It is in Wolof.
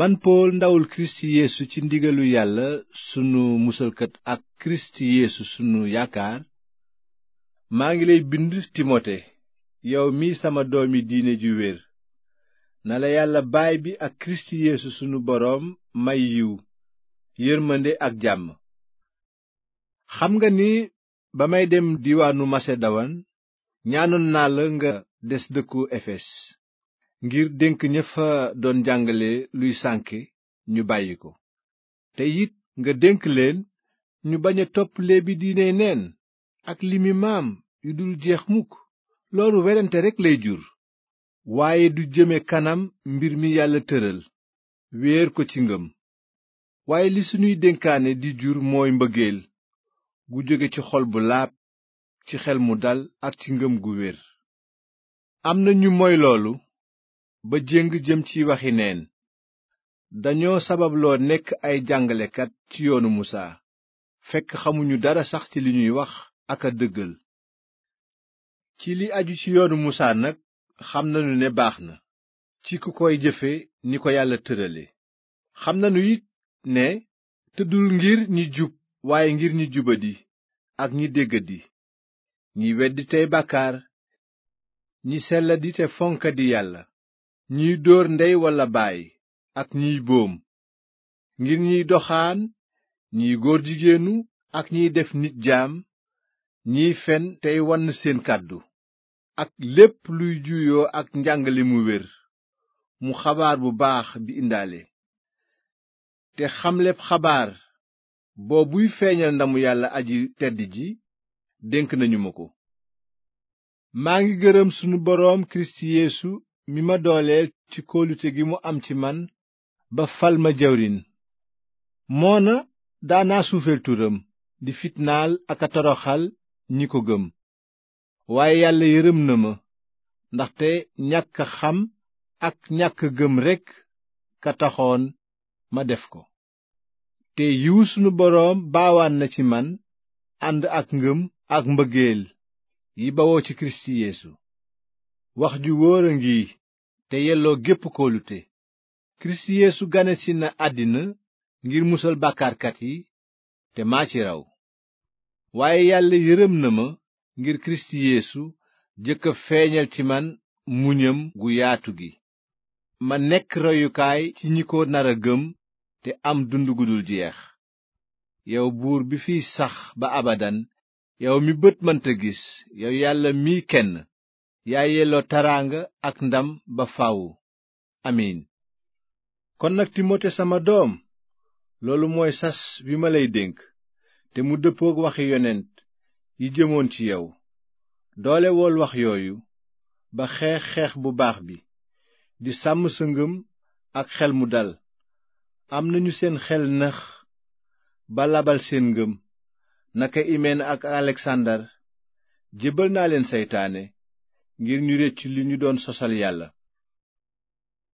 man pool ndawul kirist yéesu ci ndigalu yàlla sunu musalkat ak kirist yéesu sunu yaakaar maa ngi lay bind timote yow mii sama doomi diine ju wér na la yàlla baay bi ak kirist yéesu sunu boroom may yiw yërmande ak jàmm xam nga ni ba may dem diwaanu masedowan ñaanoon naa la nga des dëkku efes ngir dénk ña fa doon jàngale luy sànke ñu bàyyi ko te it nga dénk leen ñu bañ a topp léebi diine neen ak limi maam yu dul jeex mukk loolu werante rekk lay jur waaye du jëme kanam mbir mi yàlla tëral wéer ko ci ngëm waaye li sunuy dénkaane di jur mooy mbëggeel gu jóge ci xol bu laab ci xel mu dal ak ci ngëm gu wér am na ñu moy loolu ba jëng jëm ci waxi neen dañoo sababloo nekk ay jàngalekat ci yoonu musaa fekk xamuñu dara sax ci li ñuy wax ak a dëggal ci li aju ci yoonu musaa nag xam nañu ne baax na ci ku koy jëfe ni ko yàlla tërale xam nañu it ne tëddul ngir ñi jub waaye ngir ñi jubadi ak ñi déggadi ñi weddi tey bàkkaar ñi selladi te fonkadi yàlla ñiy dóor ndey walla baay ak ñiy boom ngir ñiy doxaan ñiy góor jigéenu ak ñiy def nit jaam ñiy fen tey wann seen kàddu ak lépp luy juyoo ak njàngale mu wér mu xabaar bu baax bi indaale te xamleb xabaar boo buy feeñal ndamu yàlla aji tedd ji dénk nañu ma ko mi ma dooleel ci kóolute gi mu am ci man ba fal ma jawriñ moona daana suufeel turam di fitnaal ak a toroxal ñi ko gëm waaye yàlla yërëm na ma ndaxte ñàkk xam ak ñàkk gëm rekk ka taxoon ma def ko te yiwu sunu boroom baawaan na ci man ànd ak ngëm ak mbëggeel yi bawoo ci Kirist Yeesu wax ju wóor a ngi te yelloo gépp kóolute kirist yeesu ganesi na àddina ngir musal bàkkaarkat yi te maa ci raw waaye yàlla yërëm na ma ngir kirist yeesu jëkk feeñal ci man muñam gu yaatu gi ma nekk royukaay ci ñi ko nar a gëm te am dund gu dul jeex yow buur bi fiy sax ba abadan yow mi bët mënta gis yow yàlla miy kenn yaa yelloo taraanga ak ndam ba faw amiin kon nag timote sama doom loolu mooy sas wi ma lay dénk te mu dëppook waxi yonent yi jëmoon ci yow doole wool wax yooyu ba xeex xeex bu baax bi di sàmm sa ngëm ak xel mu dal am nañu seen xel nax ba labal seen ngëm naka imeen ak aleksandar jébbal naa leen seytaane ngir ñu rëcc li ñu doon sosal yàlla